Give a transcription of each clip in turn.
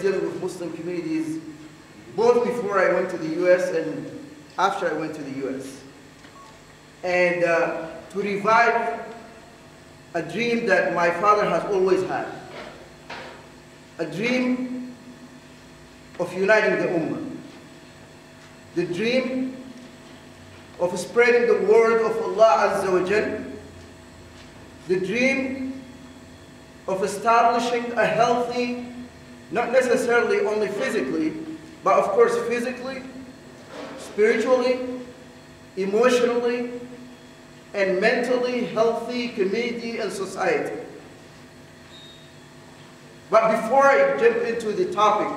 dealing with Muslim communities both before I went to the U.S. and after I went to the U.S. And uh, to revive a dream that my father has always had, a dream of uniting the Ummah, the dream of spreading the word of Allah Azza wa Jal, the dream of establishing a healthy not necessarily only physically, but of course physically, spiritually, emotionally, and mentally healthy community and society. But before I jump into the topic,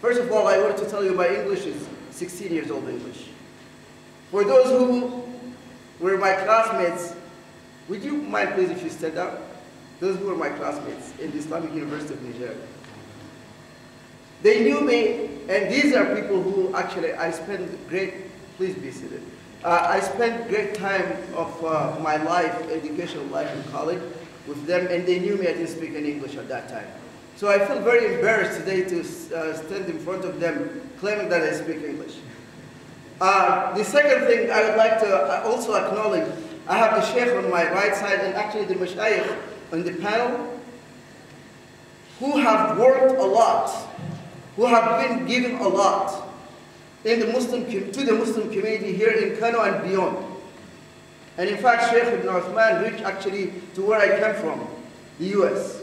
first of all, I want to tell you my English is 16 years old English. For those who were my classmates, would you mind please if you stand up? Those who were my classmates in the Islamic University of Nigeria. They knew me, and these are people who actually I spent great, please be seated. Uh, I spent great time of uh, my life, educational life in college with them, and they knew me, I didn't speak any English at that time. So I feel very embarrassed today to uh, stand in front of them claiming that I speak English. Uh, the second thing I would like to uh, also acknowledge, I have the sheikh on my right side and actually the mashayikh on the panel who have worked a lot who have been giving a lot in the Muslim, to the Muslim community here in Kano and beyond. And in fact, Sheikh Ibn Uthman reached actually to where I came from, the US.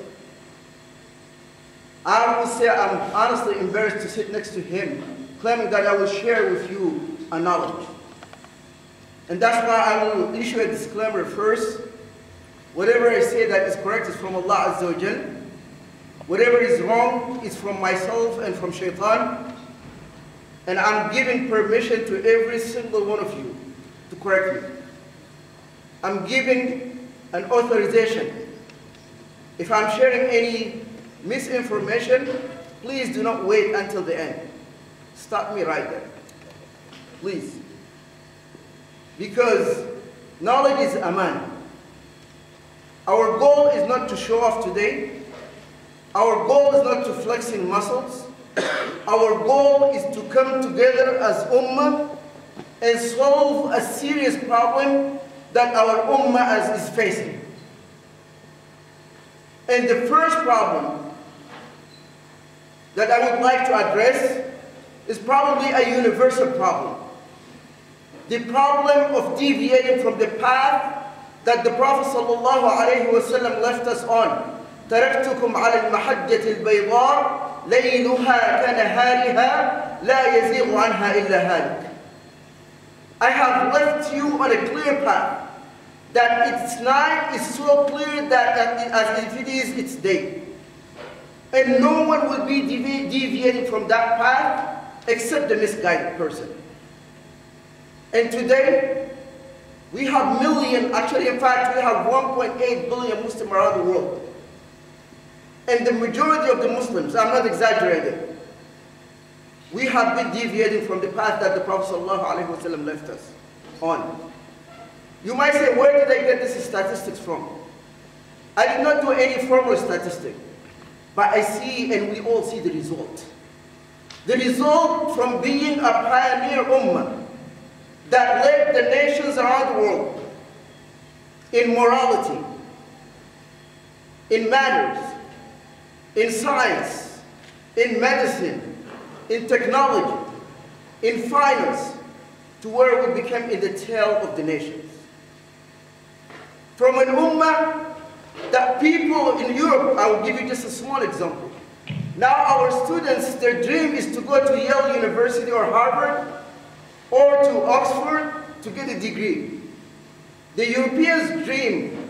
I would say I'm honestly embarrassed to sit next to him, claiming that I will share with you a knowledge. And that's why I will issue a disclaimer first. Whatever I say that is correct is from Allah Azza wa Jalla. Whatever is wrong is from myself and from shaitan, and I'm giving permission to every single one of you to correct me. I'm giving an authorization. If I'm sharing any misinformation, please do not wait until the end. Stop me right there. Please. Because knowledge is a man. Our goal is not to show off today, our goal is not to flexing muscles. Our goal is to come together as ummah and solve a serious problem that our ummah is facing. And the first problem that I would like to address is probably a universal problem. The problem of deviating from the path that the Prophet ﷺ left us on. تركتكم على المحجة البيضاء ليلها كنهارها لا يزيغ عنها إلا هالك I have left you on a clear path that its night is so clear that as if it is its day. And no one will be devi deviating from that path except the misguided person. And today, we have million, actually in fact we have 1.8 billion Muslims around the world and the majority of the Muslims, I'm not exaggerating, we have been deviating from the path that the Prophet ﷺ left us on. You might say, where did I get these statistics from? I did not do any formal statistic, but I see and we all see the result. The result from being a pioneer ummah that led the nations around the world in morality, in manners, in science, in medicine, in technology, in finance, to where we became in the tail of the nations. From an ummah that people in Europe, I will give you just a small example. Now our students, their dream is to go to Yale University or Harvard or to Oxford to get a degree. The Europeans' dream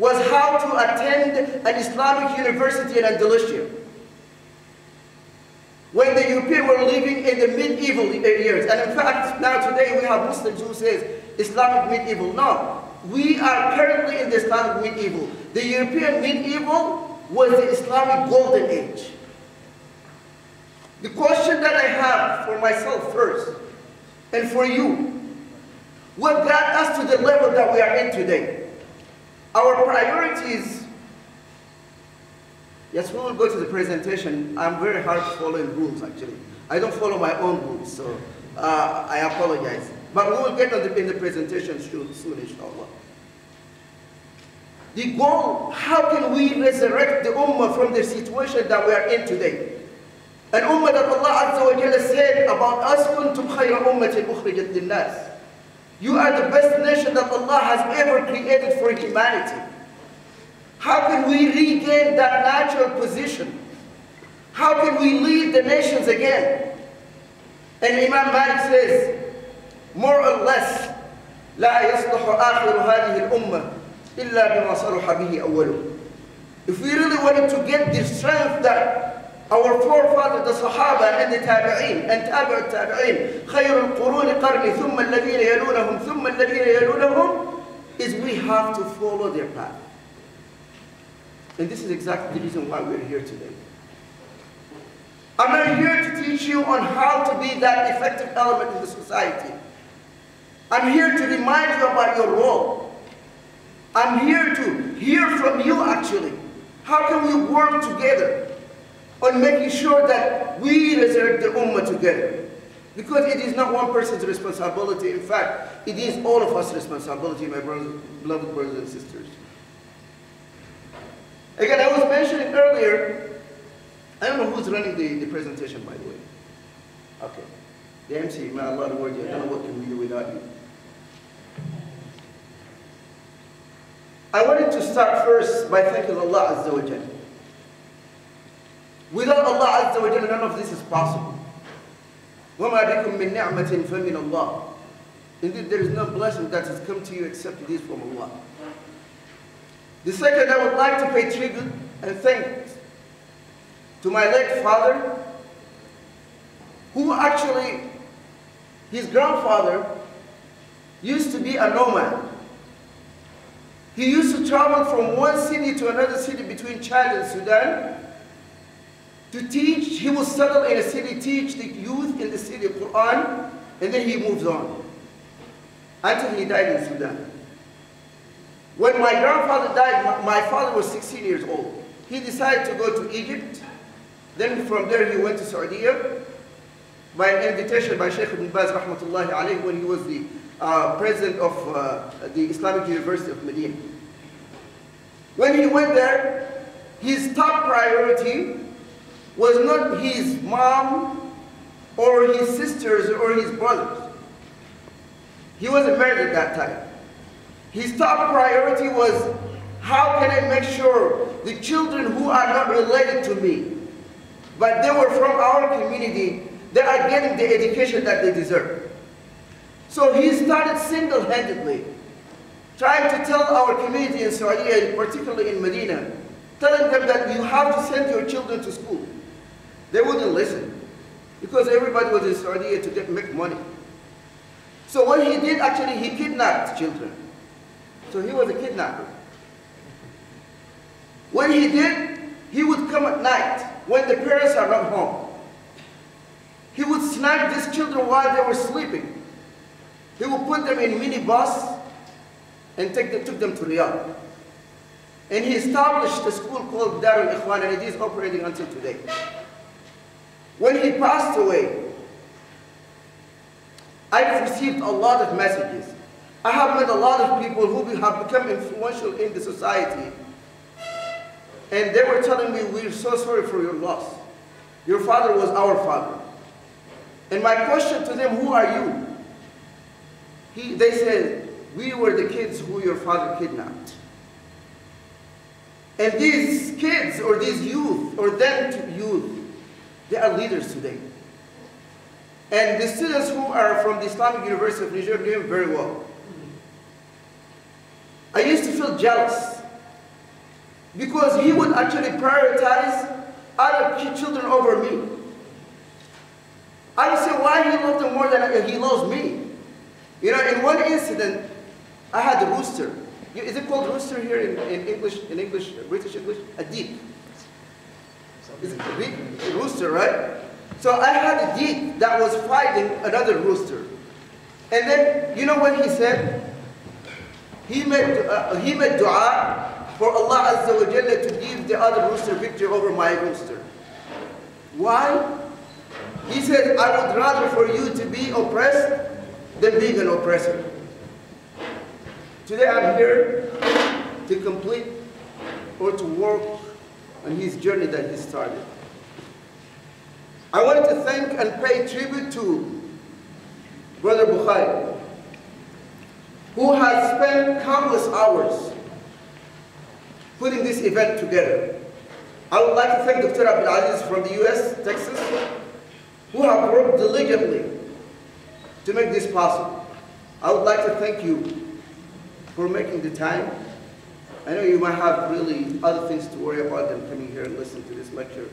was how to attend an Islamic university in Andalusia. When the Europeans were living in the medieval years, and in fact, now today we have Muslims who say Islamic medieval. No, we are currently in the Islamic medieval. The European medieval was the Islamic golden age. The question that I have for myself first, and for you, what got us to the level that we are in today? Our priorities, yes, we will go to the presentation. I'm very hard following rules, actually. I don't follow my own rules, so uh, I apologize. But we will get on the, in the presentation soon, soon, inshallah. The goal, how can we resurrect the ummah from the situation that we are in today? An ummah that Allah Azza wa Jalla said about us, كنتم خير أمة أخرجت للناس. You are the best nation that Allah has ever created for humanity. How can we regain that natural position? How can we lead the nations again? And Imam Malik says, more or less, لا يصلح آخر هذه الأمة إلا بما صلح به أوله. If we really wanted to get the strength that our forefathers, the Sahaba and the Tabi'een, and Tabi'ut Tabi'een, خير القرون قرني ثم الذين يلونهم ثم الذين يلونهم, is we have to follow their path. And this is exactly the reason why we're here today. I'm not here to teach you on how to be that effective element in the society. I'm here to remind you about your role. I'm here to hear from you actually. How can we work together? on making sure that we resurrect the ummah together. Because it is not one person's responsibility. In fact, it is all of us' responsibility, my brothers, beloved brothers and sisters. Again, I was mentioning earlier, I don't know who's running the, the presentation, by the way. Okay. The MC, may Allah reward you. I don't know what can we do without you. I wanted to start first by thanking Allah Azza wa Jalla. Without Allah Azza wa Jalla, none of this is possible. وَمَا بِكُم مِّن نِعْمَةٍ فَمِنَ اللَّهِ Indeed, there is no blessing that has come to you except it is from Allah. The second, I would like to pay tribute and thanks to my late father, who actually, his grandfather used to be a nomad. He used to travel from one city to another city between Chad and Sudan, to teach, he was settle in a city, teach the youth in the city Quran, and then he moves on until he died in Sudan. When my grandfather died, my father was 16 years old. He decided to go to Egypt. Then from there he went to Saudi Arabia by an invitation by Sheikh Ibn Baz rahmatullahi alayhi when he was the uh, president of uh, the Islamic University of Medina. When he went there, his top priority was not his mom or his sisters or his brothers. He wasn't married at that time. His top priority was how can I make sure the children who are not related to me, but they were from our community, they are getting the education that they deserve. So he started single-handedly trying to tell our community in Saudi, particularly in Medina, telling them that you have to send your children to school. They wouldn't listen because everybody was in Sardinia to get, make money. So what he did actually, he kidnapped children. So he was a kidnapper. When he did, he would come at night when the parents are not home. He would snatch these children while they were sleeping. He would put them in minibus and take them, took them to Riyadh. And he established a school called Darul Ikhwan and it is operating until today. When he passed away, I've received a lot of messages. I have met a lot of people who have become influential in the society. And they were telling me, we're so sorry for your loss. Your father was our father. And my question to them, who are you? He, they said, we were the kids who your father kidnapped. And these kids or these youth or that youth they are leaders today. And the students who are from the Islamic University of Niger are doing very well. I used to feel jealous because he would actually prioritize other children over me. I would say why he loved them more than he loves me. You know, in one incident, I had a rooster. Is it called rooster here in, in English, in English, British English? A deep. It's a big rooster, right? So I had a geek that was fighting another rooster. And then, you know what he said? He made, uh, he made dua for Allah Azza wa Jalla to give the other rooster victory over my rooster. Why? He said, I would rather for you to be oppressed than being an oppressor. Today I'm here to complete or to work on his journey that he started. I wanted to thank and pay tribute to Brother Bukhari, who has spent countless hours putting this event together. I would like to thank Dr. Abdul from the US, Texas, who have worked diligently to make this possible. I would like to thank you for making the time I know you might have really other things to worry about than coming here and listening to this lecture,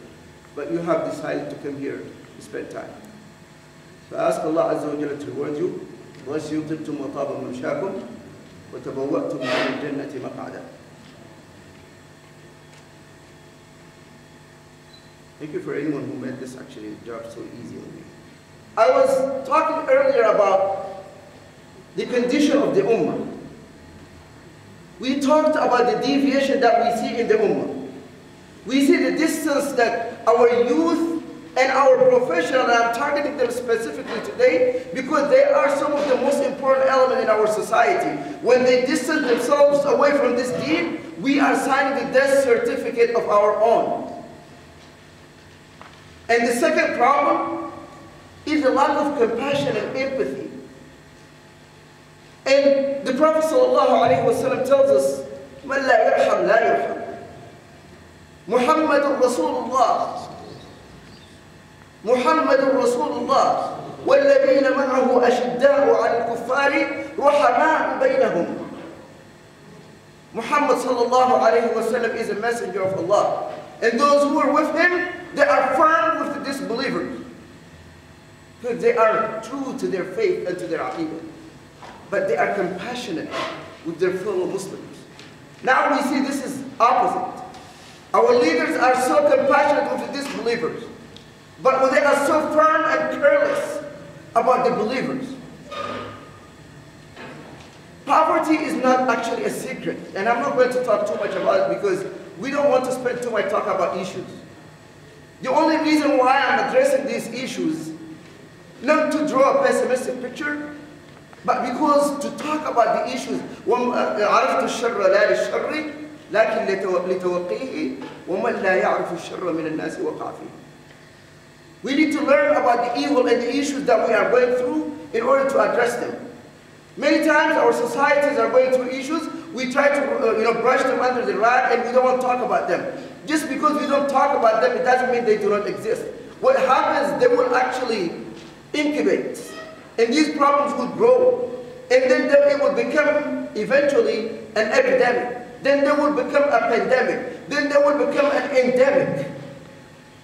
but you have decided to come here to spend time. So I ask Allah Azza wa Jalla to reward you. Bless you, طبتم وطاب ممشاكم وتبوأتم من الجنة مقعدا. Thank you for anyone who made this actually the job so easy on me. I was talking earlier about the condition of the Ummah. We talked about the deviation that we see in the Ummah. We see the distance that our youth and our professionals and I'm targeting them specifically today, because they are some of the most important element in our society. When they distance themselves away from this deed, we are signing the death certificate of our own. And the second problem is the lack of compassion and empathy. And the Prophet ﷺ tells us, من لا يرحم لا يرحم. محمد رسول الله محمد رسول الله والذين معه أشداء على الكفار رحماء بينهم Muhammad sallallahu alayhi wa sallam is a messenger of Allah. And those who are with him, they are firm with the disbelievers. Because they are true to their faith and to their aqidah but they are compassionate with their fellow Muslims. Now we see this is opposite. Our leaders are so compassionate with the disbelievers, but they are so firm and careless about the believers. Poverty is not actually a secret, and I'm not going to talk too much about it because we don't want to spend too much talk about issues. The only reason why I'm addressing these issues, not to draw a pessimistic picture, but because to talk about the issues, عرفت الشر لا للشر لكن لتوقيه ومن لا يعرف الشر من الناس وقع فيه. We need to learn about the evil and the issues that we are going through in order to address them. Many times our societies are going through issues, we try to uh, you know, brush them under the rug and we don't want to talk about them. Just because we don't talk about them, it doesn't mean they do not exist. What happens, they will actually incubate and these problems would grow. And then, then it would become eventually an epidemic. Then they would become a pandemic. Then they would become an endemic.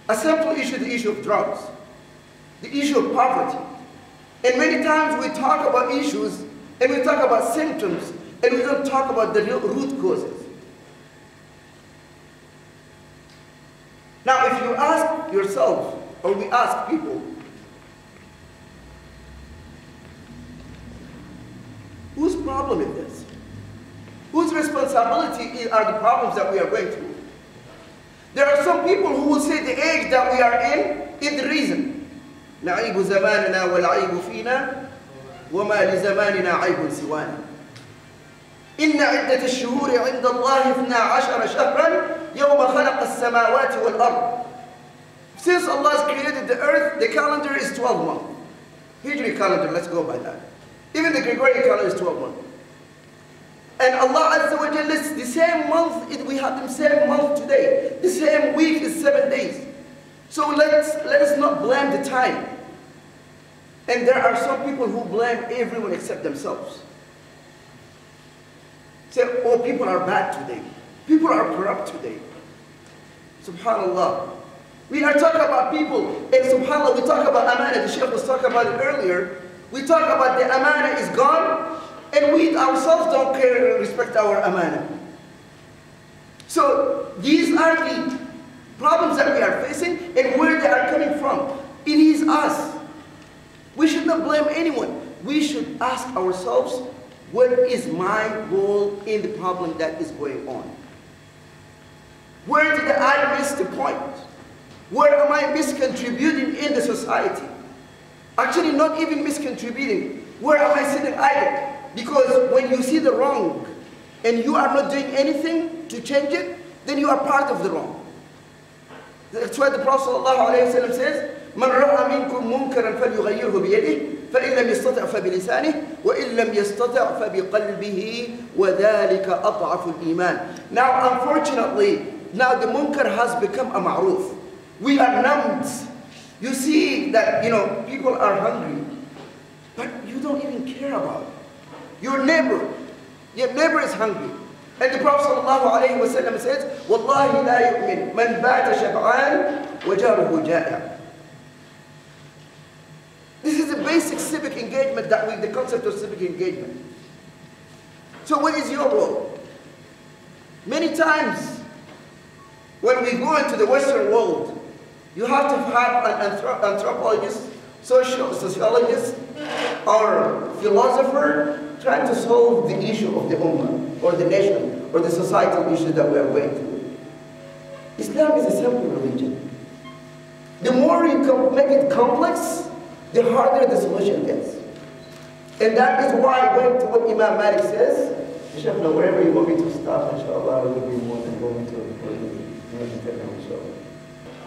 A simple issue, the issue of drugs. The issue of poverty. And many times we talk about issues and we talk about symptoms and we don't talk about the root causes. Now, if you ask yourself, or we ask people, Whose problem is this? Whose responsibility are the problems that we are going through? There are some people who will say the age that we are in is the reason. نعيب زماننا والعيب فينا وما لزماننا عيب سوانا إن عدة الشهور عند الله اثنا عشر شهرا يوم خلق السماوات والأرض Since Allah has created the earth, the calendar is 12 months. Hijri calendar, let's go by that. Even the Gregorian calendar is 12 months. And Allah Azza wa Jalla lists the same month, we have the same month today. The same week is seven days. So let's, let us not blame the time. And there are some people who blame everyone except themselves. Say, oh, people are bad today. People are corrupt today. Subhanallah. We are talking about people, and subhanAllah, we talk about amanah. The Sheikh was talking about it earlier. We talk about the amana is gone, and we ourselves don't care respect our amana. So these are the problems that we are facing and where they are coming from. It is us. We should not blame anyone. We should ask ourselves, what is my role in the problem that is going on? Where did I miss the point? Where am I miscontributing in the society? Actually, not even miscontributing. Where am I sitting idle? Because when you see the wrong and you are not doing anything to change it, then you are part of the wrong. That's why the Prophet ﷺ says, من رأى منكم منكرا فليغيره بيده فإن لم يستطع فبلسانه وإن لم يستطع فبقلبه وذلك أضعف الإيمان Now unfortunately, now the munkar has become a ma'ruf. We are numbed you see that, you know, people are hungry, but you don't even care about it. Your neighbor, your neighbor is hungry. And the Prophet ﷺ says, وَاللَّهِ لَا يُؤْمِنْ مَنْ بَاتَ شَبْعَانٍ وَجَارُهُ جَائِعًا This is the basic civic engagement that we, the concept of civic engagement. So what is your role? Many times when we go into the Western world, you have to have an anthrop anthropologist, social, sociologist, or philosopher trying to solve the issue of the ummah, or the nation, or the societal issue that we are going through. Islam is a simple religion. The more you make it complex, the harder the solution gets. And that is why going to what Imam Malik says, Inshallah, wherever you want me to stop, inshallah, I will be more than going to, to, to, to,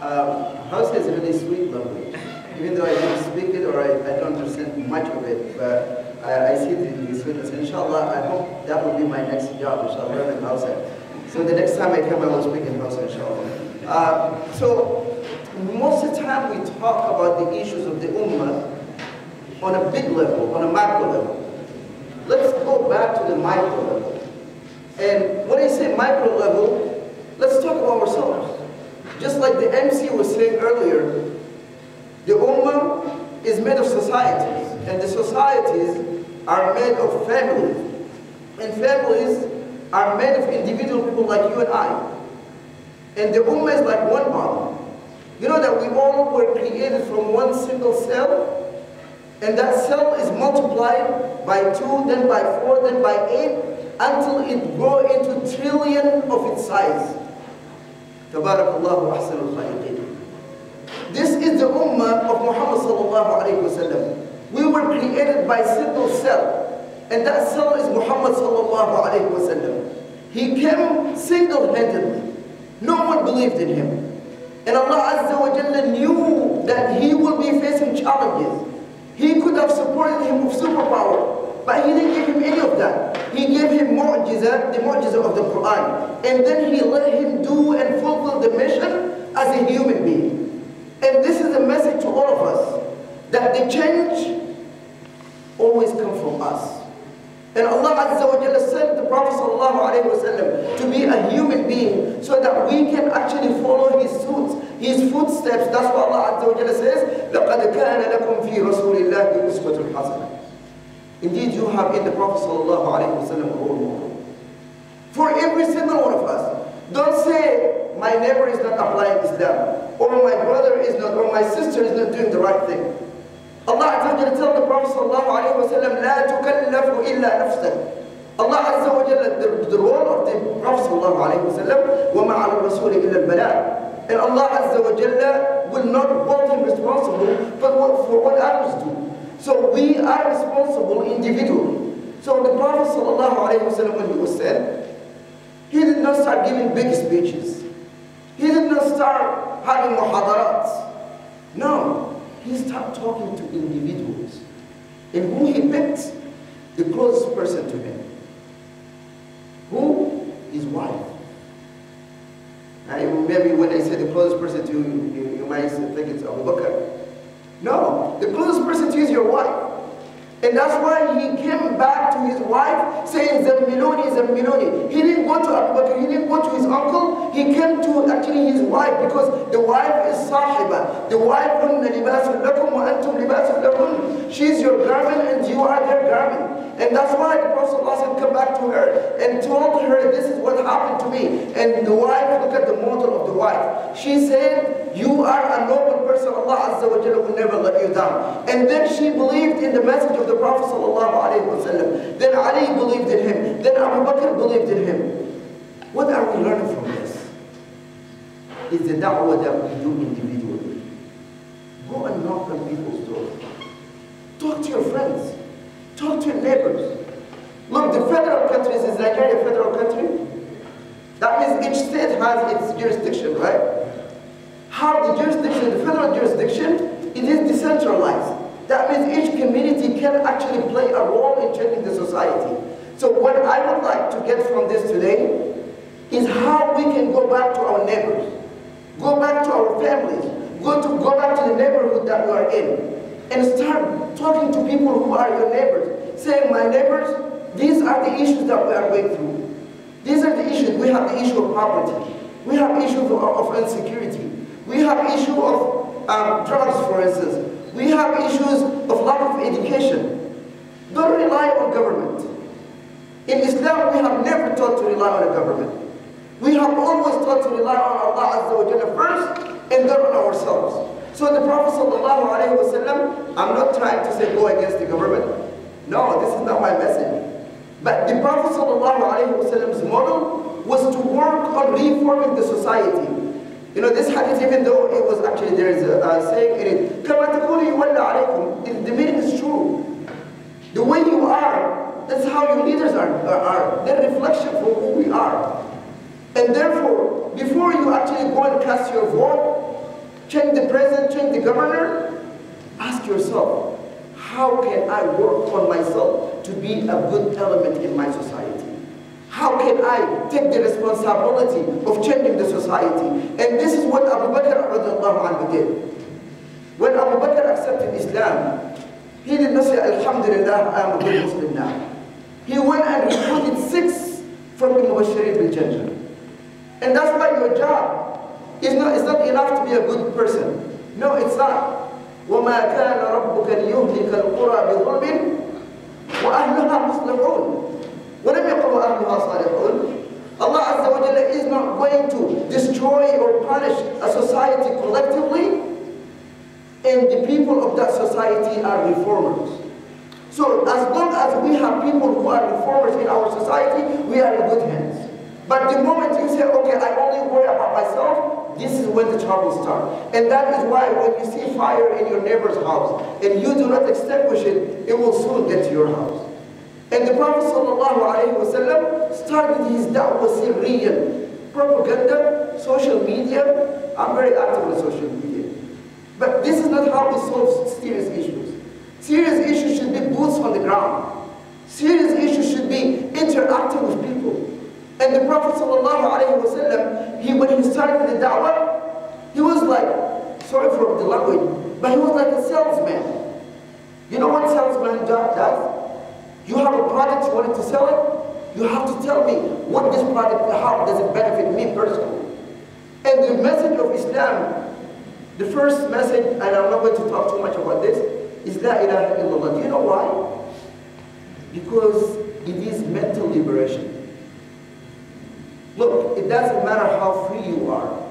um, house is really sweet language. Even though I don't speak it or I, I don't understand much of it, but I, I see the, the sweetness. inshallah, I hope that will be my next job, inshallah, in Hausa. So the next time I come, I will speak in Hausa, inshallah. Uh, so most of the time we talk about the issues of the ummah on a big level, on a macro level. Let's go back to the micro level. And when I say micro level, let's talk about ourselves. Just like the MC was saying earlier, the Ummah is made of societies, and the societies are made of families, and families are made of individual people like you and I. And the Ummah is like one body. You know that we all were created from one single cell, and that cell is multiplied by two, then by four, then by eight, until it grows into trillion of its size. Tabarakallahu ahsanul khaliqin. This is the ummah of Muhammad sallallahu alayhi sallam. We were created by single cell. And that cell is Muhammad sallallahu alayhi sallam. He came single-handedly. No one believed in him. And Allah Azza wa Jalla knew that he will be facing challenges. He could have supported him with superpower. But he didn't give him any of that. He gave him mu'jiza, the mu'jiza of the Quran. And then he let him do and fulfill the mission as a human being. And this is a message to all of us, that the change always comes from us. And Allah Azza wa Jalla sent the Prophet wasallam to be a human being so that we can actually follow his suits, his footsteps. That's what Allah Azza wa Jalla says, لَقَدْ كَانَ لَكُمْ فِي رَسُولِ اللَّهِ أُسْوَةٌ حَسَنَةٌ Indeed, you have in the Prophet sallallahu alaihi ﷺ role model. For every single one of us. Don't say, my neighbor is not applying Islam, or my brother is not, or my sister is not doing the right thing. Allah Azza wa tell the Prophet sallallahu alaihi wasallam, لا تكلف إلا نفسك. Allah Azza wa Jalla, the, the role of the Prophet sallallahu alaihi wasallam, وَمَا عَلَى الرَّسُولِ إِلَّا الْبَلَاءِ And Allah Azza wa Jalla will not hold him responsible but for what others do. So we are responsible individually. So the Prophet ﷺ, when he was said, he did not start giving big speeches. He did not start having muhadarat. No, he started talking to individuals. And who he picked? The closest person to him. Who? His wife. I, maybe when I say the closest person to you, you, you might think it's Abu Bakr. No, the closest person to you is your wife. And that's why he came back to his wife saying, Zemiloni, Zemiloni. He didn't go to Abu Bakr, he didn't go to his uncle, he came to actually his wife because the wife is sahiba. The wife lakum She is your garment and you are their garment. And that's why the Prophet ﷺ came back to her and told her, this is what happened to me. And the wife, look at the model of the wife. She said, you are a noble person. Allah Azza wa Jalla will never let you down. And then she believed in the message of the Prophet Wasallam. Then Ali believed in him. Then Abu Bakr believed in him. What are we learning from this? is the da'wah that we do individually. Go and knock on people's doors. Talk to your friends. Talk to your neighbors. Look, the federal countries, is Nigeria a federal country? That means each state has its jurisdiction, right? How the jurisdiction, the federal jurisdiction, it is decentralized. That means each community can actually play a role in changing the society. So what I would like to get from this today is how we can go back to our neighbors. Go back to our families. Go to go back to the neighborhood that you are in. And start talking to people who are your neighbors. Saying, my neighbors, these are the issues that we are going through. These are the issues. We have the issue of poverty. We have issues of, of insecurity. We have issue of um, drugs, for instance. We have issues of lack of education. Don't rely on government. In Islam, we have never taught to rely on the government. We have always tried to rely on Allah Azza wa Jalla first and then on ourselves. So the Prophet Sallallahu Alaihi Wasallam, I'm not trying to say go against the government. No, this is not my message. But the Prophet Sallallahu Alaihi Wasallam's model was to work on reforming the society. You know, this hadith, even though it was actually, there is a, saying in it, if the meaning is true, the way you are, that's how your leaders are, are, are their reflection for who we are. And therefore, before you actually go and cast your vote, change the president, change the governor, ask yourself, how can I work on myself to be a good element in my society? How can I take the responsibility of changing the society? And this is what Abu Bakr did. When Abu Bakr accepted Islam, he did not say, Alhamdulillah, I am a good Muslim now. He went and recruited six from the Mubashirin bil Jannah. And that's not your job. It's not, it's not enough to be a good person. No, it's not. وَمَا كَانَ رَبُّكَ لِيُهْلِكَ الْقُرَى بِظُلْمٍ وَأَهْلُهَا مُصْلِحُونَ وَلَمْ يَقُلْ أَهْلُهَا صَالِحُونَ Allah Azza wa Jalla is not going to destroy or punish a society collectively and the people of that society are reformers. So as long as we have people who are reformers in our society, we are in good hands. But the moment you say, okay, I only worry about myself, this is when the trouble starts. And that is why when you see fire in your neighbor's house and you do not extinguish it, it will soon get to your house. And the Prophet ﷺ started his da'wah sirriyan, propaganda, social media. I'm very active on social media. But this is not how we solve serious issues. Serious issues should be boots on the ground. Serious issues should be interacting with people. And the Prophet وسلم, he when he started the da'wah, he was like, sorry for the language, but he was like a salesman. You know what salesman does? You have a product, you wanted to sell it, you have to tell me what this product, how does it benefit me personally. And the message of Islam, the first message, and I'm not going to talk too much about this, is La ilaha illallah. Do you know why? Because it is mental liberation. Look, it doesn't matter how free you are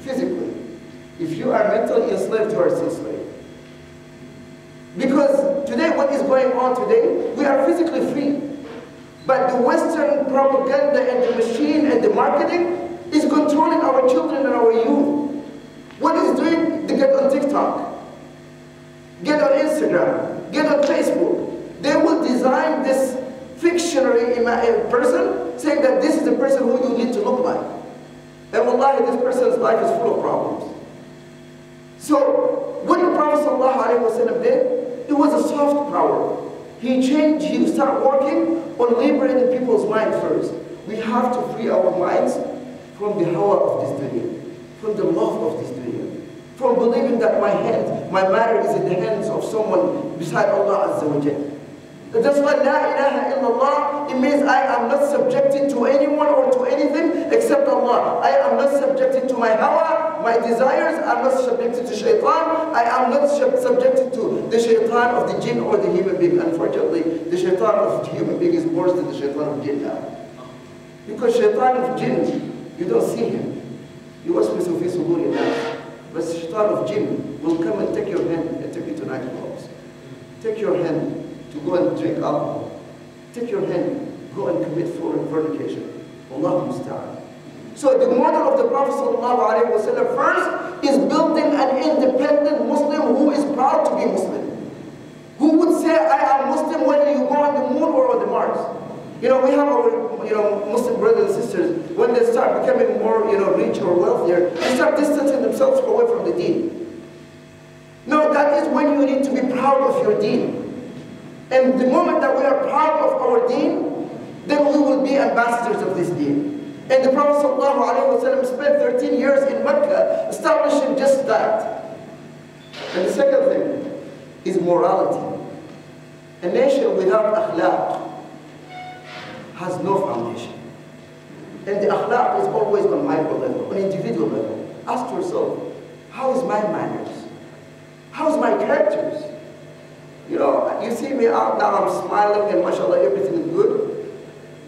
physically. If you are mentally enslaved, you are still slave. Because today, what is going on today, we are physically free. But the Western propaganda and the machine and the marketing is controlling our children and our youth. What is doing? They get on TikTok, get on Instagram, get on Facebook. They will design this fictionary person, saying that this is the person who you need to look like. And wallahi, this person's life is full of problems. So, what the Prophet a did, it was a soft power. He changed, he started working on liberating people's mind first. We have to free our minds from the hawa of this dunya, from the love of this dunya, from believing that my hand, my matter is in the hands of someone beside Allah Azza wa Jalla. That's why La ilaha illallah, it means I am not subjected to anyone or to anything except Allah. I am not subjected to my hawa, my desires, I'm not subjected to shaitan, I am not subjected to the shaitan of the jinn or the human being. Unfortunately, the shaitan of the human being is worse than the shaitan of jinn now. Because shaitan of jinn, you don't see him. You was with Sufi Suburi now. But shaitan of jinn will come and take your hand and take you to nightclubs. Take your hand to go and drink alcohol, take your hand, go and commit fornication. Allah musta'an. So the model of the Prophet ﷺ first is building an independent Muslim who is proud to be Muslim. Who would say, I am Muslim whether you go on the moon or on the Mars. You know, we have our you know, Muslim brothers and sisters, when they start becoming more you know, rich or wealthier, they start distancing themselves away from the deen. No, that is when you need to be proud of your deen. And the moment that we are proud of our deen, then we will be ambassadors of this deen. And the Prophet ﷺ spent 13 years in Mecca establishing just that. And the second thing is morality. A nation without akhlaq has no foundation. And the akhlaq is always on micro level, on individual level. Ask yourself, how is my manners? How is my characters? You know, you see me out now, I'm smiling and mashallah, everything is good.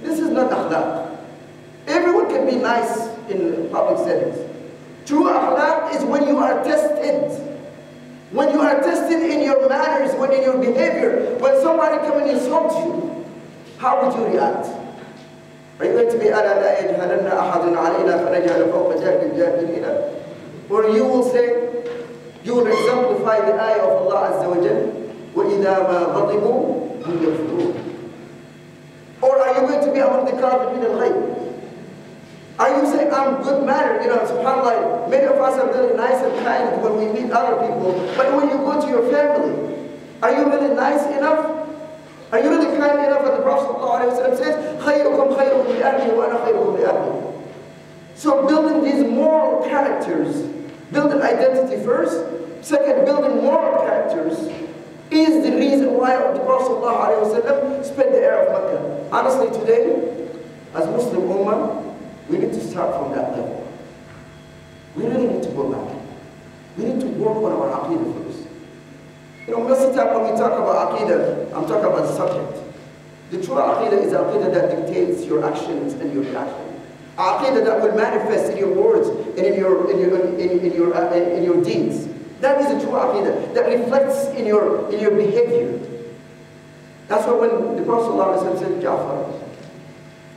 This is not akhlaq. Everyone can be nice in public settings. True akhlaq is when you are tested. When you are tested in your manners, when in your behavior, when somebody comes and insults you, how would you react? Are you going to be أَلَا لَا يَجْهَلَنَّ أَحَدٌ عَلَيْنَا فَنَجْهَلَ فَوْقَ جَهْلِ الْجَاهِلِينَ Or you will say, you will exemplify the ayah of Allah Azza wa Jalla. وَإِذَا مَا غَضِبُوا هُمْ Or are you going to be among the kafirin al-ghayb? Are you saying I'm good mannered? You know, subhanAllah, many of us are really nice and kind when we meet other people. But when you go to your family, are you really nice enough? Are you really kind enough? And the Prophet says, خَيْرُكُمْ خَيْرُكُمْ لِأَهْلِي وَأَنَا خَيْرُكُمْ لِأَهْلِي so building these moral characters, building identity first, second, building moral characters, is the reason why the Prophet spent the air of Mecca. Honestly, today, as Muslim Ummah, we need to start from that level. We really need to go back. We need to work on our aqidah first. You know, most of the time when we talk about aqidah, I'm talking about the subject. The true aqidah is aqidah that dictates your actions and your reaction. Aqidah that will manifest in your words and in your, in your, in, in, in your, uh, in your deeds. That is a true aqidah that reflects in your, in your behavior. That's why when the Prophet ﷺ sent Ja'far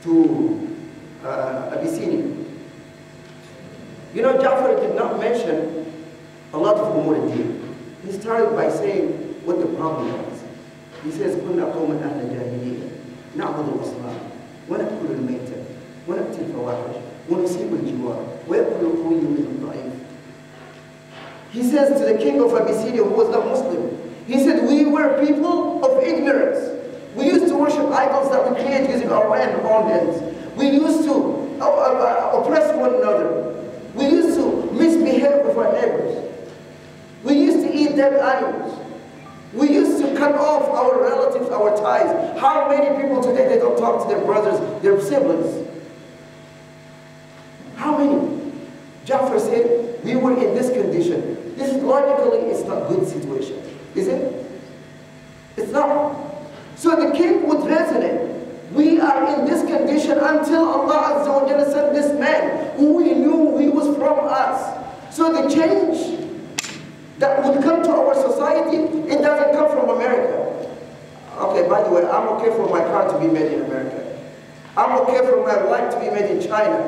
to uh, Abyssinia, you know, Ja'far did not mention a lot of umur din. He started by saying what the problem was. He says, كُنَّا قَوْمًا أَهْلَ جَاهِلِيَّةً نَعْبُدُ الْأَصْنَامَ وَنَأْكُلُ الْمَيْتَةَ ونأتي الفواحش ونصيب الجوار ويأكل القوي al الضعيف he says to the king of Abyssinia, who was not Muslim, he said, we were people of ignorance. We used to worship idols that we created using our own hands. We used to uh, uh, uh, oppress one another. We used to misbehave with our neighbors. We used to eat dead animals. We used to cut off our relatives, our ties. How many people today, they don't talk to their brothers, their siblings? How many? Jafar said, we were in this condition then logically it's not good situation, is it? It's not. So the king would resonate. We are in this condition until Allah Azza wa Jalla sent this man who we knew he was from us. So the change that would come to our society, it doesn't come from America. Okay, by the way, I'm okay for my car to be made in America. I'm okay for my wife to be made in China.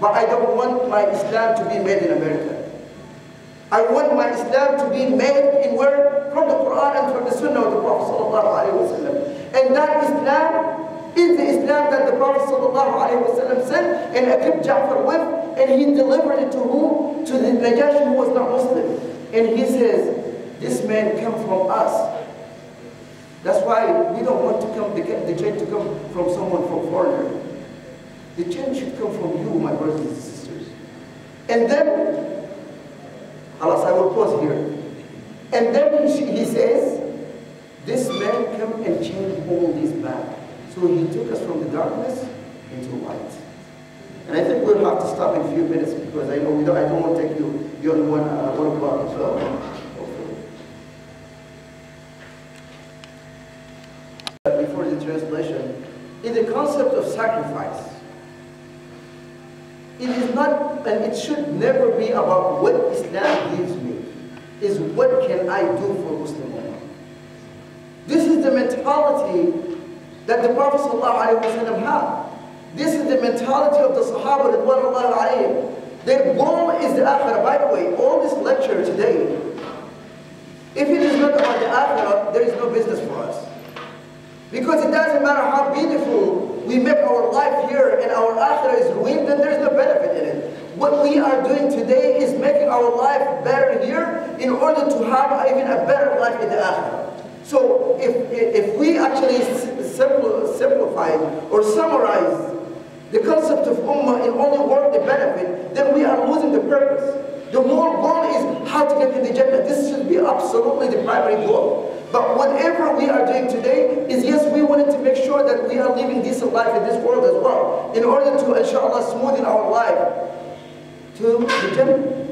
But I don't want my Islam to be made in America. I want my Islam to be made in word from the Quran and from the Sunnah of the Prophet And that Islam is the Islam that the Prophet sent and equipped Ja'far with and he delivered it to whom? To the Najashi who was not Muslim. And he says, this man came from us. That's why we don't want to come, the, the change to come from someone from foreigner. The change should come from you, my brothers and sisters. And then was here. And then he says, this man come and changed all this back. So he took us from the darkness into light. And I think we'll have to stop in a few minutes because I know we don't, I don't want to take you beyond one, uh, one o'clock as well. Okay. Before the translation, in the concept of sacrifice, it is not, and it should never be about what Islam gives me is what can I do for Muslim women? This is the mentality that the Prophet ﷺ had. This is the mentality of the Sahaba that Their goal is the Akhirah. By the way, all this lecture today, if it is not about the Akhirah, there is no business for us. Because it doesn't matter how beautiful we make our life here and our Akhirah is ruined, then there is no benefit. What we are doing today is making our life better here in order to have even a better life in the akhirah. So if, if we actually simplify or summarize the concept of ummah in only worldly benefit, then we are losing the purpose. The whole goal is how to get in the Jannah. This should be absolutely the primary goal. But whatever we are doing today is yes, we wanted to make sure that we are living decent life in this world as well, in order to, inshallah, smoothen our life to determine.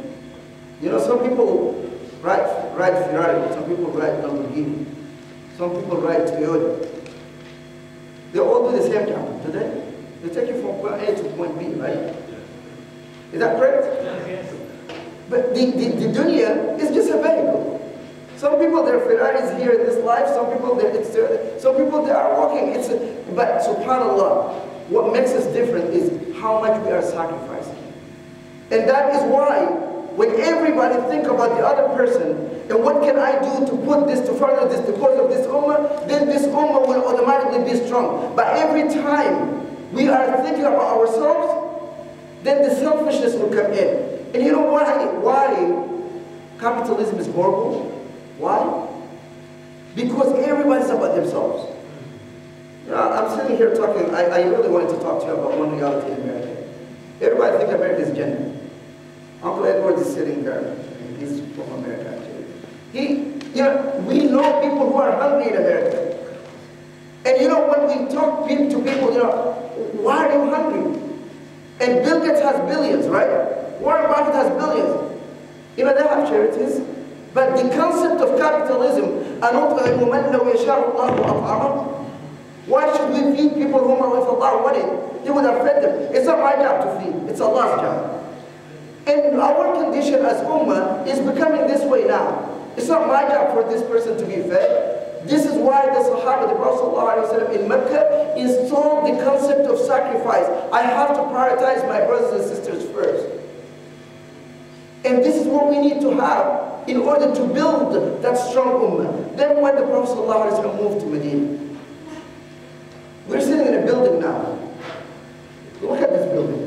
You know, some people write, write Ferrari, some people write Lamborghini, some people write Toyota. They all do the same job, do they? They take you from point A to point B, right? Is that correct? But the, the, the dunya is just a vehicle. Some people, their Ferrari is here in this life. Some people, it's their, some people they are walking. It's a, but subhanallah, what makes us different is how much we are sacrificing. And that is why when everybody think about the other person and what can I do to put this, to further this, the cause of this ummah, then this ummah will automatically be strong. But every time we are thinking about ourselves, then the selfishness will come in. And you know why? Why capitalism is horrible? Why? Because is about themselves. I'm sitting here talking, I, I really wanted to talk to you about one reality in America. Everybody think America is gender. Uncle Edward is sitting there He's from America. He, you know, we know people who are hungry in America. And you know, when we talk to people, you know, why are you hungry? And Bill Gates has billions, right? Warren Buffett has billions. You know, they have charities. But the concept of capitalism, why should we feed people whom Allah wanted? He would have fed them. It's not my job to feed. It's Allah's job. And our condition as ummah is becoming this way now. It's not my job for this person to be fed. This is why the Sahaba, the Prophet in Mecca, installed the concept of sacrifice. I have to prioritize my brothers and sisters first. And this is what we need to have in order to build that strong ummah. Then when the Prophet ﷺ moved to Medina, we're sitting in a building now. Look at this building.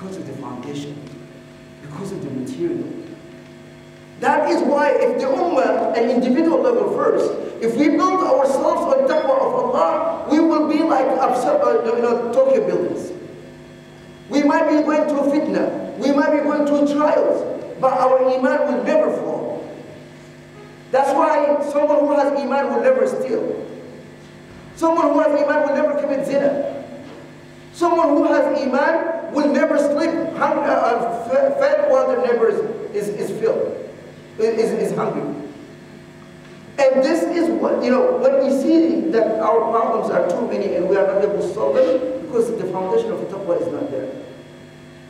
because of the foundation, because of the material. That is why if the ummah an individual level first, if we build ourselves on taqwa of Allah, we will be like uh, you know, Tokyo buildings. We might be going through fitna, we might be going through trials, but our iman will never fall. That's why someone who has iman will never steal. Someone who has iman will never commit zina. Someone who has iman will never sleep uh, uh fed while their neighbor is, is, is filled, is, is hungry. And this is what, you know, when we see that our problems are too many and we are not able to solve them, because the foundation of taqwa is not there.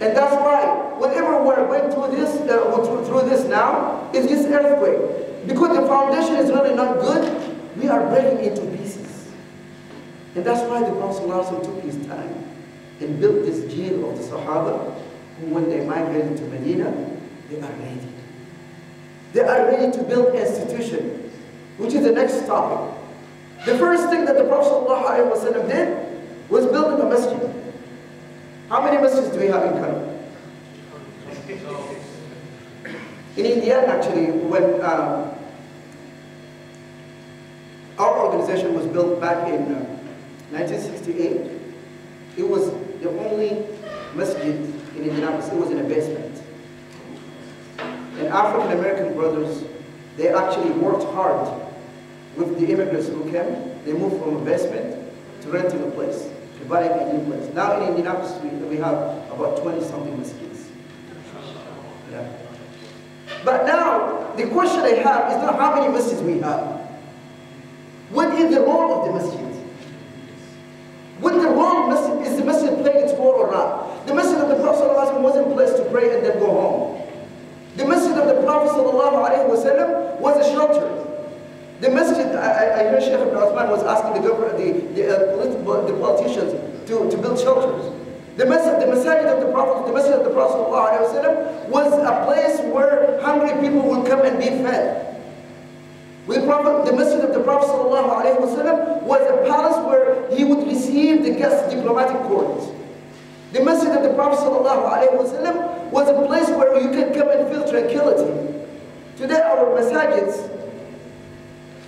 And that's why, whatever we're going through this, uh, through, through this now, is this earthquake. Because the foundation is really not good, we are breaking into pieces. And that's why the Prophet took his time and built this jail of the Sahaba who when they migrated to Medina, they are ready. They are ready to build an institution, which is the next topic. The first thing that the Prophet ﷺ did was building a masjid. How many masjids do we have in Kano? In India, actually, when um, our organization was built back in uh, 1968, it was the only masjid in Indianapolis. It was in a basement. And African American brothers, they actually worked hard with the immigrants who came. They moved from a basement to renting a place, to buying a new place. Now in Indianapolis, we, we have about 20 something masjids. Yeah. But now, the question I have is not how many masjids we have. What is the role of the masjid? masjid, is the message playing its role or not? The message of the Prophet ﷺ wasn't placed to pray and then go home. The message of the Prophet ﷺ was a shelter. The masjid, I, I, hear Sheikh Ibn Uthman was asking the government, the, the, uh, the politicians to, to build shelters. The masjid, the masjid of the Prophet, the masjid of the Prophet ﷺ was a place where hungry people would come and be fed. The, Prophet, the message of the Prophet ﷺ was a palace where he would receive the guest diplomatic court. The message of the Prophet ﷺ was a place where you could come and feel tranquility. Today our masajids,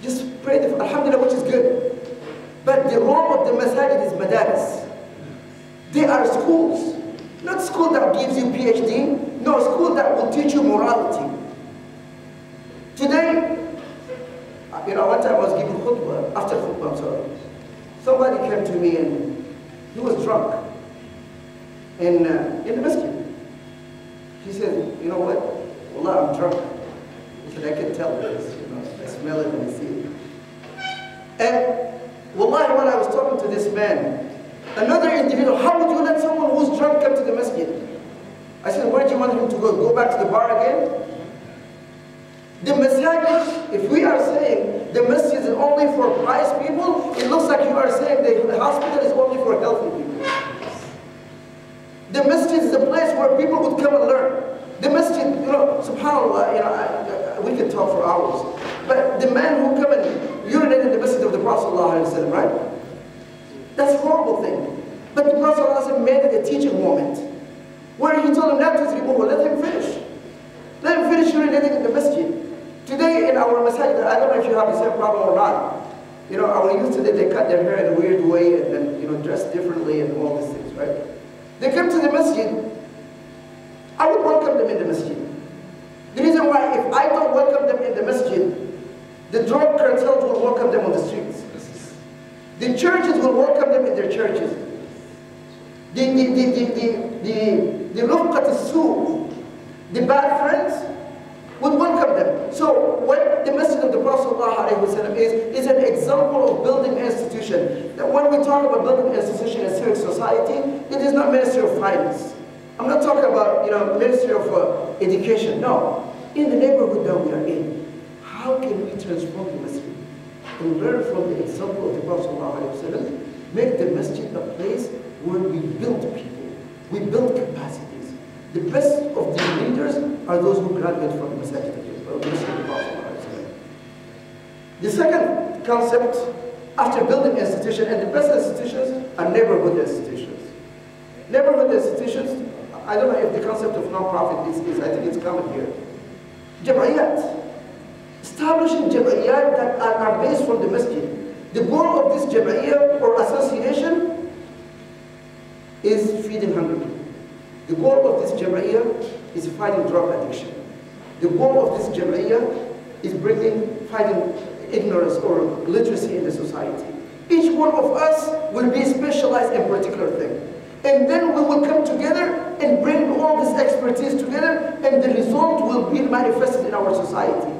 just pray the Alhamdulillah which is good. But the role of the masajid is madaris. They are schools. Not school that gives you PhD, no school that will teach you morality. Today, you know, one time I was giving khutbah, after khutbah, I'm sorry. Somebody came to me and he was drunk in, uh, in the mosque. He said, you know what? Allah, I'm drunk. He said, I can tell this, you know, I smell it and I see it. And wallahi, when I was talking to this man, another individual, how would you let someone who's drunk come to the mosque? I said, where do you want him to go? Go back to the bar again? The message. if we are saying the masjid is only for pious people, it looks like you are saying the hospital is only for healthy people. The masjid is a place where people would come and learn. The masjid, you know, subhanAllah, you know, I, I, we can talk for hours. But the man who come and urinate in the masjid of the Prophet ﷺ, right? That's a horrible thing. But the Prophet ﷺ made it a teaching moment where he told him not to remove, let him finish. Let him finish urinating in the masjid. Today in our masjid, I don't know if you have the same problem or not. You know, our youth today, they cut their hair in a weird way and then, you know, dress differently and all these things, right? They come to the masjid. I would welcome them in the masjid. The reason why, if I don't welcome them in the masjid, the drug cartels will welcome them on the streets. The churches will welcome them in their churches. The, the, the, the, the, the, the, the bad friends, would welcome them. So what the message of the Prophet ﷺ is, is an example of building an institution. That when we talk about building an institution in civic society, it is not Ministry of Finance. I'm not talking about, you know, Ministry of uh, Education, no. In the neighborhood that we are in, how can we transform the masjid? And learn from the example of the Prophet ﷺ, make the masjid a place where we build people, we build capacity. The best of these leaders are those who graduate from the Masajid The second concept, after building institutions, and the best institutions are neighborhood institutions. Neighborhood institutions, I don't know if the concept of non-profit is, is, I think it's common here. Jabayat, establishing jabayat that are, are based from the masjid. The goal of this jabayat or association is feeding hungry. The goal of this Jama'iyah is fighting drug addiction. The goal of this Jama'iyah is bringing, fighting ignorance or literacy in the society. Each one of us will be specialized in particular thing. And then we will come together and bring all this expertise together and the result will be manifested in our society.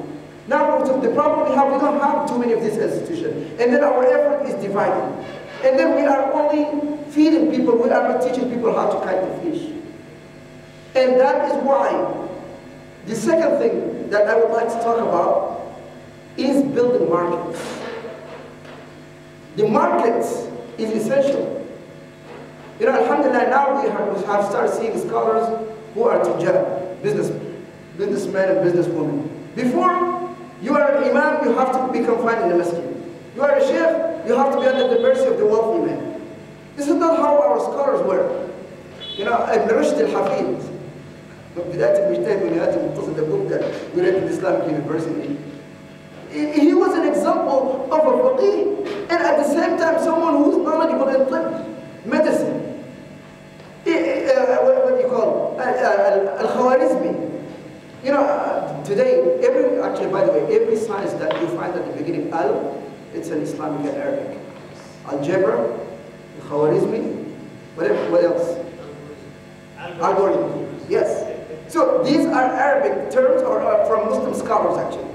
Now the problem we have, we don't have too many of these institutions. And then our effort is divided. And then we are only feeding people, we are not teaching people how to catch the fish. And that is why the second thing that I would like to talk about is building markets. The market is essential. You know, alhamdulillah, now we have, we have started seeing scholars who are tijab, business, businessmen and businesswomen. Before, you are an imam, you have to be confined in the masjid. You are a sheikh, you have to be under the mercy of the wealthy man. This is not how our scholars were. You know, Ibn Rushd al Hafiz. بداية المجتهد ونهاية المقتصد بوبكر Great Islamic University he was an example of a faqih and at the same time someone who's knowledgeable in طب medicine uh, what do you call uh, uh, al-Khwarizmi you know today every actually by the way every science that you find at the beginning al it's an Islamic and Arabic algebra al-Khwarizmi whatever what else algorithm yes so these are Arabic terms or uh, from Muslim scholars actually.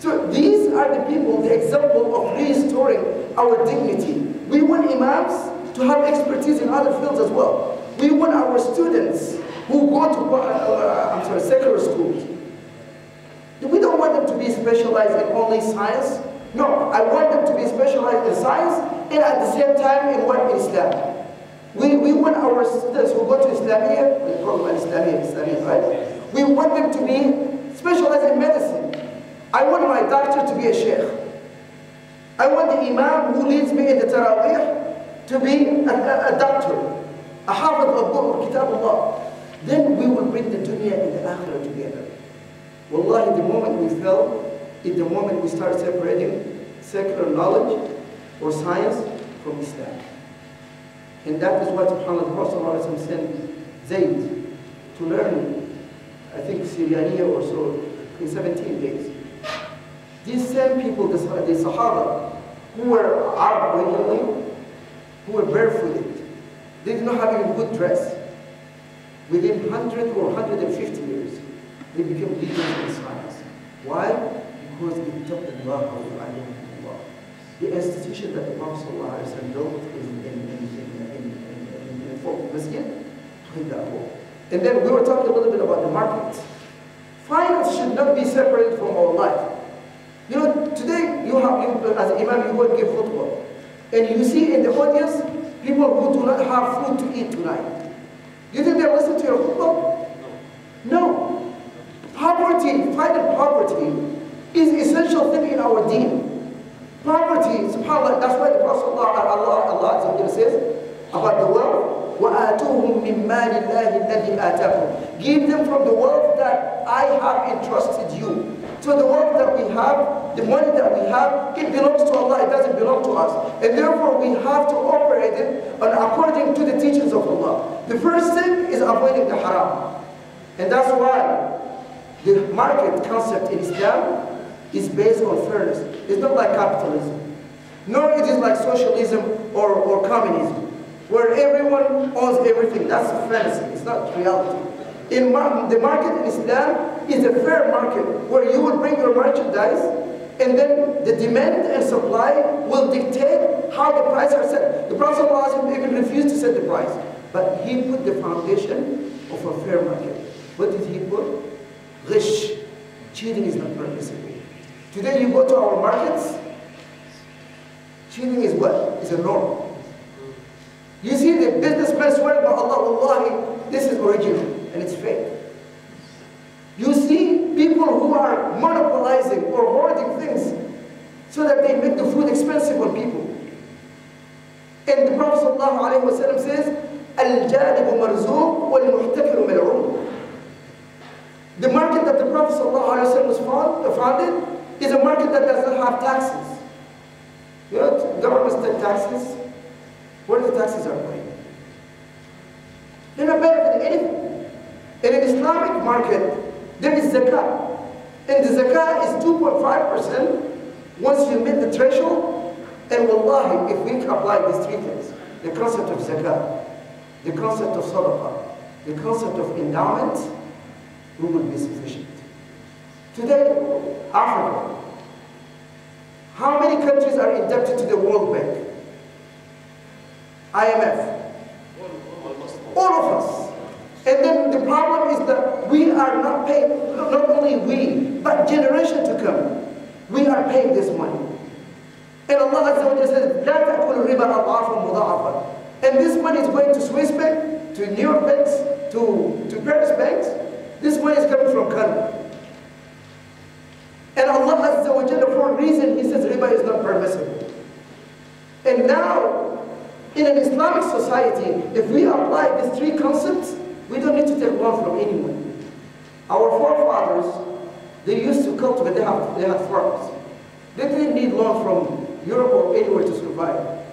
So these are the people, the example of restoring our dignity. We want imams to have expertise in other fields as well. We want our students who go to uh, uh I'm sorry, secular schools. We don't want them to be specialized in only science. No, I want them to be specialized in science and at the same time in what? that? Islam. We, we want our students who go to Islamia, we program Islamia, Islamia, right? We want them to be specialized in medicine. I want my doctor to be a sheikh. I want the imam who leads me in the tarawih to be a, a, a doctor, a hafid of kitab Allah. Then we will bring the dunya and the akhirah together. Wallahi, the moment we fell, in the moment we start separating secular knowledge or science from Islam. And that is what subhanAllah the Prophet sent Zayd to learn, I think, Syriania or so, in 17 days. These same people, the, the Sahaba, who were Arab originally, who were barefooted, they did not have even good dress. Within 100 or 150 years, they became leaders in science. Why? Because they took Allah They Allah. The institution that the Prophet built is from Mesquite to Hidako. And then we were talking a little bit about the market. Finance should not be separated from our life. You know, today you have you, as imam you go and give football, and you see in the audience people who do not have food to eat tonight. Do you think they listen to your football? No. Poverty, fighting poverty, is essential thing in our deen. Poverty, subhanAllah, that's why the Prophet Allah, Allah, Allah, Allah says about the wealth وَآتُوهُمْ مِنْ مَالِ اللَّهِ الَّذِي Give them from the wealth that I have entrusted you. So the wealth that we have, the money that we have, it belongs to Allah, it doesn't belong to us. And therefore we have to operate it according to the teachings of Allah. The first thing is avoiding the haram. And that's why the market concept in Islam is based on fairness. It's not like capitalism. Nor it is like socialism or, or communism where everyone owns everything. That's a fantasy, it's not reality. In mar the market in Islam is a fair market where you will bring your merchandise and then the demand and supply will dictate how the price are set. The Prophet ﷺ even refused to set the price, but he put the foundation of a fair market. What did he put? Rish. Cheating is not permissible. Today you go to our markets, cheating is what? It's a norm. You see the businessman swearing by Allah, Wallahi, this is original and it's fake. You see people who are monopolizing or hoarding things so that they make the food expensive for people. And the Prophet ﷺ says, Al-Jalibu marzook wal The market that the Prophet ﷺ was uh, founded is a market that does not have taxes. You know, governments take taxes, what if the taxes are paid? They're not better than anything. In an Islamic market, there is zakat. And the zakat is 2.5% once you meet the threshold. And wallahi, if we apply these three things, the concept of zakat, the concept of sadaqah, the concept of endowment, we will be sufficient. Today, Africa, how many countries are indebted to the World Bank? IMF. All of us. And then the problem is that we are not paid, not only we, but generation to come. We are paid this money. And Allah Azza wa says, And this money is going to Swiss bank, to New York banks, to, to Paris banks. This money is coming from Canada. And Allah Azza wa Jalla, for a reason, He says riba is not permissible. And now, in an Islamic society, if we apply these three concepts, we don't need to take one from anyone. Our forefathers, they used to cultivate, they have, they had farms. They didn't need loan from Europe or anywhere to survive.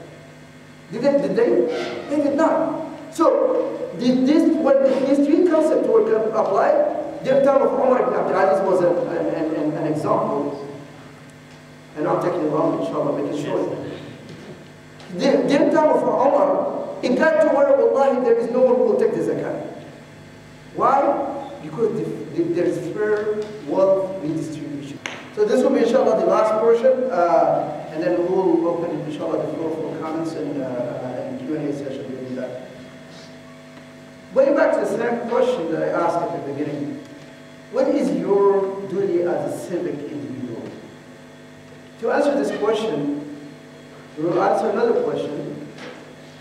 Did they? Did they? They did not. So, did this, when these three concepts were applied, the time of Omar ibn Abdulaziz was an, an, an, an example. And I'm taking it wrong, inshallah, making sure. Their, their time for Umar, it got to where, wallahi, there is no one who will take the zakat. Why? Because the, the, there is fair wealth redistribution. So this will be, inshallah, the last portion, uh, and then we'll open, inshallah, the floor for comments and, uh, and Q&A session. Going back to the same question that I asked at the beginning, what is your duty as a civic individual? To answer this question, we will answer another question,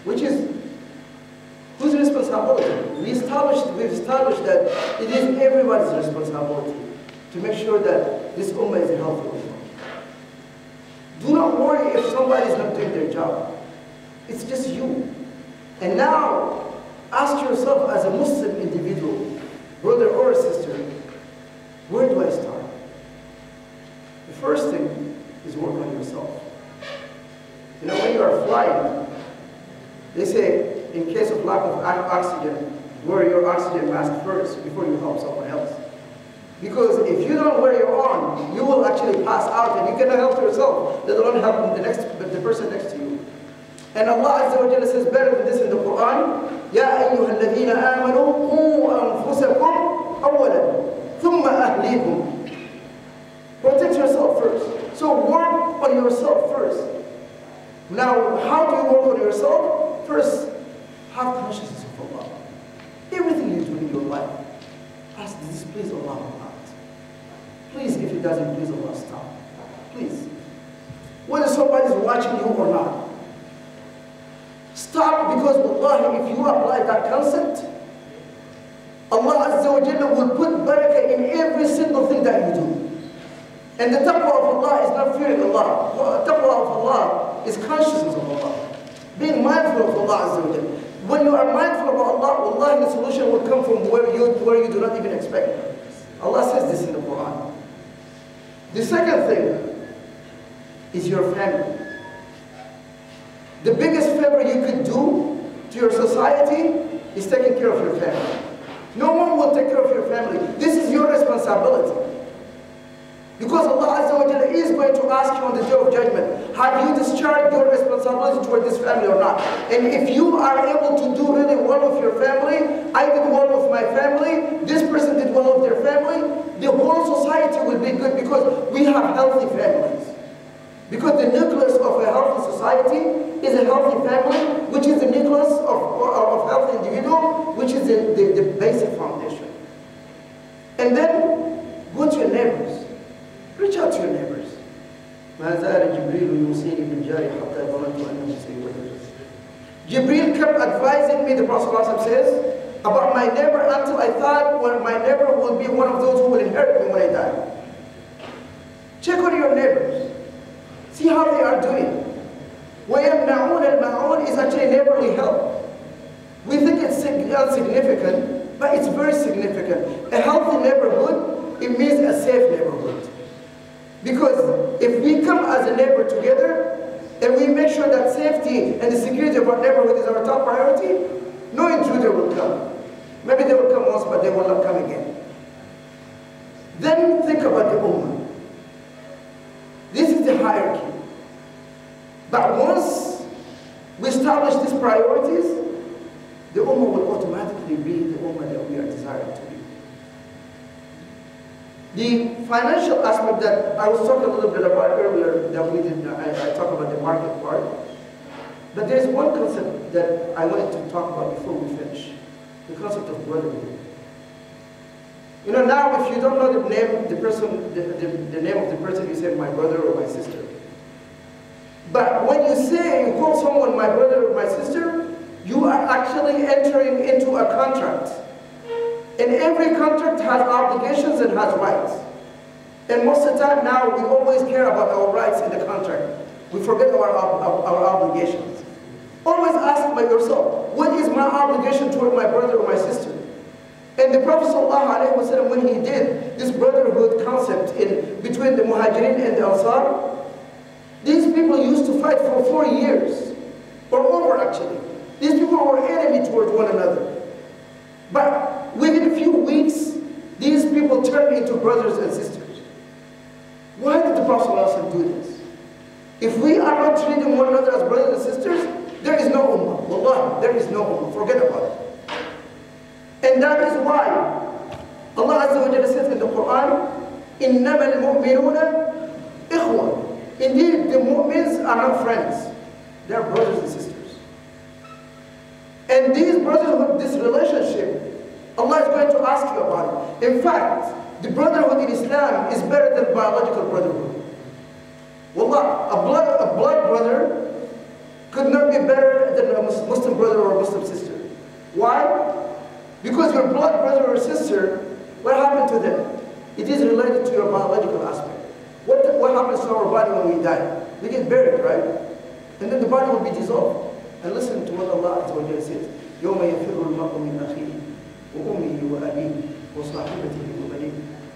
which is, whose responsibility? We established, we've established that it is everyone's responsibility to make sure that this ummah is a healthy ummah. Do not worry if somebody is not doing their job. It's just you. And now, ask yourself as a Muslim individual, brother or sister, where do I start? The first thing They say, in case of lack of oxygen, wear your oxygen mask first before you help someone else. Because if you don't wear your own, you will actually pass out and you cannot help yourself, let alone help the, next, the person next to you. And Allah Azza wa Jalla says better than this in the Quran, يَا أَيُّهَا الَّذِينَ آمَنُوا قُوا أَنفُسَكُمْ أَوَّلًا ثُمَّ أَهْلِيكُمْ Protect yourself first. So work on yourself first. Now, how do you work on yourself? First, have consciousness of Allah. Everything you do in your life, ask, does this please Allah or not? Please, if it doesn't please Allah, stop. Please. Whether somebody is watching you or not. Stop because Allah, if you apply that concept, Allah Azza wa Jalla will put barakah in every single thing that you do. And the taqwa of Allah is not fearing Allah. Well, taqwa of Allah is consciousness of Allah. Being mindful of Allah Azza wa When you are mindful of Allah, Allah, the solution will come from where you, where you do not even expect. Allah says this in the Quran. The second thing is your family. The biggest favor you could do to your society is taking care of your family. No one will take care of your family. This is your responsibility. Because Allah Azza wa Jalla is going to ask you on the day of judgment, have you discharged your responsibility toward this family or not? And if you are able to do really well with your family, I did well with my family, this person did well with their family, the whole society will be good because we have healthy families. Because the nucleus of a healthy society is a healthy family, which is the nucleus of, of, healthy individual, which is the, the, the basic foundation. And then, go to your neighbors. Reach out to your neighbors. ما زال جبريل حتى kept advising me, the Prophet says, about my neighbor until I thought well, my neighbor would be one of those who will inherit me when I die. Check on your neighbors. See how they are doing. وَيَمْنَعُونَ الْمَعُونَ is actually neighborly help. We think it's insignificant, but it's very significant. A healthy neighborhood, it means a safe neighborhood. Because if we come as a neighbor together, and we make sure that safety and the security of our neighborhood is our top priority, no intruder will come. Maybe they will come once, but they will not come again. Then think about the woman. This is the hierarchy. But once we establish these priorities, the woman will automatically be the woman that we are desiring to. The financial aspect that I was talking a little bit about earlier that we did, I, I talked about the market part. But there's one concept that I wanted to talk about before we finish, the concept of brotherhood. You know, now if you don't know the name, the person, the, the, the name of the person, you say my brother or my sister. But when you say, you call someone my brother or my sister, you are actually entering into a contract. And every contract has obligations and has rights. And most of the time now, we always care about our rights in the contract. We forget our, our, our obligations. Always ask by yourself, what is my obligation toward my brother or my sister? And the Prophet ﷺ, when he did this brotherhood concept in between the Muhajirin and the Ansar, these people used to fight for four years, or over actually. These people were enemy towards one another. But within a few weeks, these people turned into brothers and sisters. Why did the Prophet do this? If we are not treating one another as brothers and sisters, there is no ummah. Wallahi, there is no ummah. Forget about it. And that is why Allah Azza wa Jalla says in the Quran, إِنَّمَا الْمُؤْمِنُونَ إِخْوَةً Indeed, the mu'mins are not friends. They are brothers and sisters. And these brothers this relationship Allah is going to ask you about it. In fact, the brotherhood in Islam is better than biological brotherhood. Wallah, a blood, a blood brother could not be better than a Muslim brother or Muslim sister. Why? Because your blood brother or sister, what happened to them? It is related to your biological aspect. What, the, what happens to our body when we die? We get buried, right? And then the body will be dissolved. And listen to what Allah says, يَوْمَ يَفِرُّ الْمَرْءُ مِنْ أَخِيهِ وأمه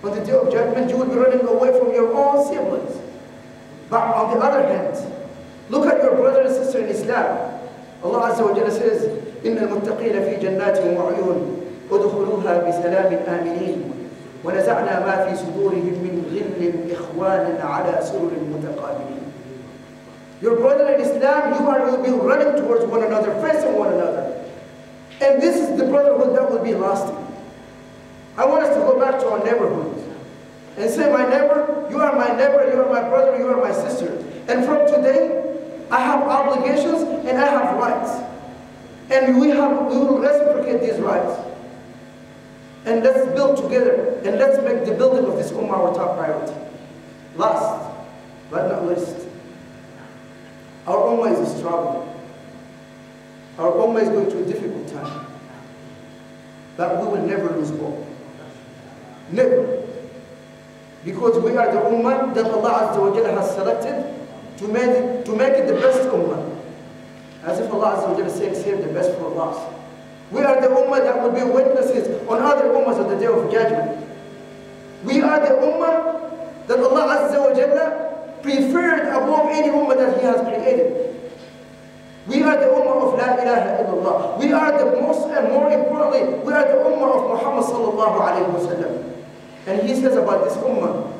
On the day of judgment, you will be running away from your own siblings. But on the other hand, look at your brother and sister in Islam. Allah Azza wa Jalla says, إن المتقين في جنات وعيون ادخلوها بسلام آمنين ونزعنا ما في صدورهم من غل إخوانا على سرر متقابلين. Your brother in Islam, you are will be running towards one another, facing one another. And this is the brotherhood that will be lasting. I want us to go back to our neighborhood and say, my neighbor, you are my neighbor, you are my brother, you are my sister. And from today, I have obligations and I have rights. And we, have, we will reciprocate these rights. And let's build together and let's make the building of this home our top priority. Last, but not least, our Ummah is struggling. Our Ummah is going through a difficult time. But we will never lose hope. Never. Because we are the Ummah that Allah Azza wa Jalla has selected to make, it, to make it the best Ummah. As if Allah Azza wa Jalla said, save the best for We are the Ummah that will be witnesses on other Ummahs on the Day of Judgment. We are the Ummah that Allah Azza wa Jalla preferred above any Ummah that He has created. We are the ummah of La ilaha illallah. We are the most and more importantly, we are the ummah of Muhammad sallallahu alayhi wa sallam. And he says about this ummah,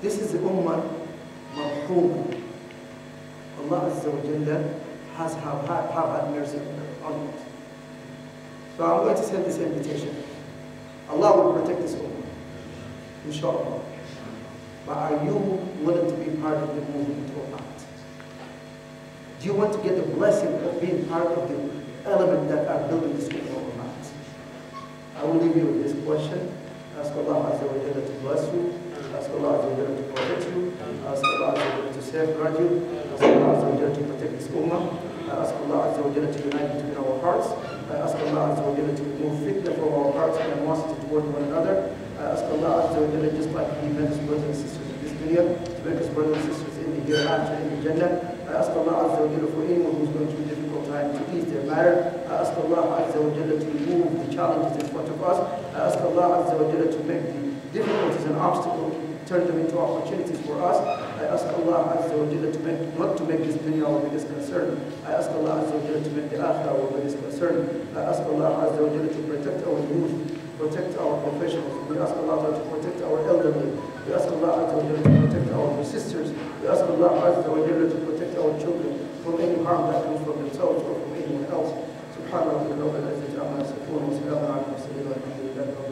this is the ummah marhum. Allah Azza wa Jalla has have, have, have had mercy on it. So I'm going to send this invitation. Allah will protect this ummah. Inshallah. But are you willing to be part of the movement do you want to get the blessing of being part of the element that are building this school or not? I will leave you with this question. Ask Allah Azza to bless you. Ask Allah Azza to protect you. Ask Allah Azza to safeguard you. Ask Allah Azza to protect this ummah. Ask Allah Azza wa Jalla to unite between our hearts. Ask Allah Azza wa Jalla to remove fitna from our hearts and animosity toward one another. Ask Allah Azza wa Jalla just like He met His brothers and sisters in this video, to make His brothers and sisters in the hereafter in the Jannah. I ask Allah Azza wa Jalla for anyone who's going through a difficult time to ease their matter. I ask Allah Azza wa Jalla to remove the challenges in front of us. I ask Allah Azza wa Jalla to make the difficulties and obstacles turn them into opportunities for us. I ask Allah Azza wa Jalla to make, not to make this dunya our biggest concern. I ask Allah Azza wa Jalla to make the akhirah our biggest concern. I ask Allah Azza wa Jalla to protect our youth, protect our professionals. We ask Allah to protect our elderly. We ask Allah Azza wa Jalla to protect our sisters. We ask Allah Azza wa Jalla to protect our children from any harm that comes from themselves or from anyone else. سبحان ربك رب العزة Allah. يصفون وسلام على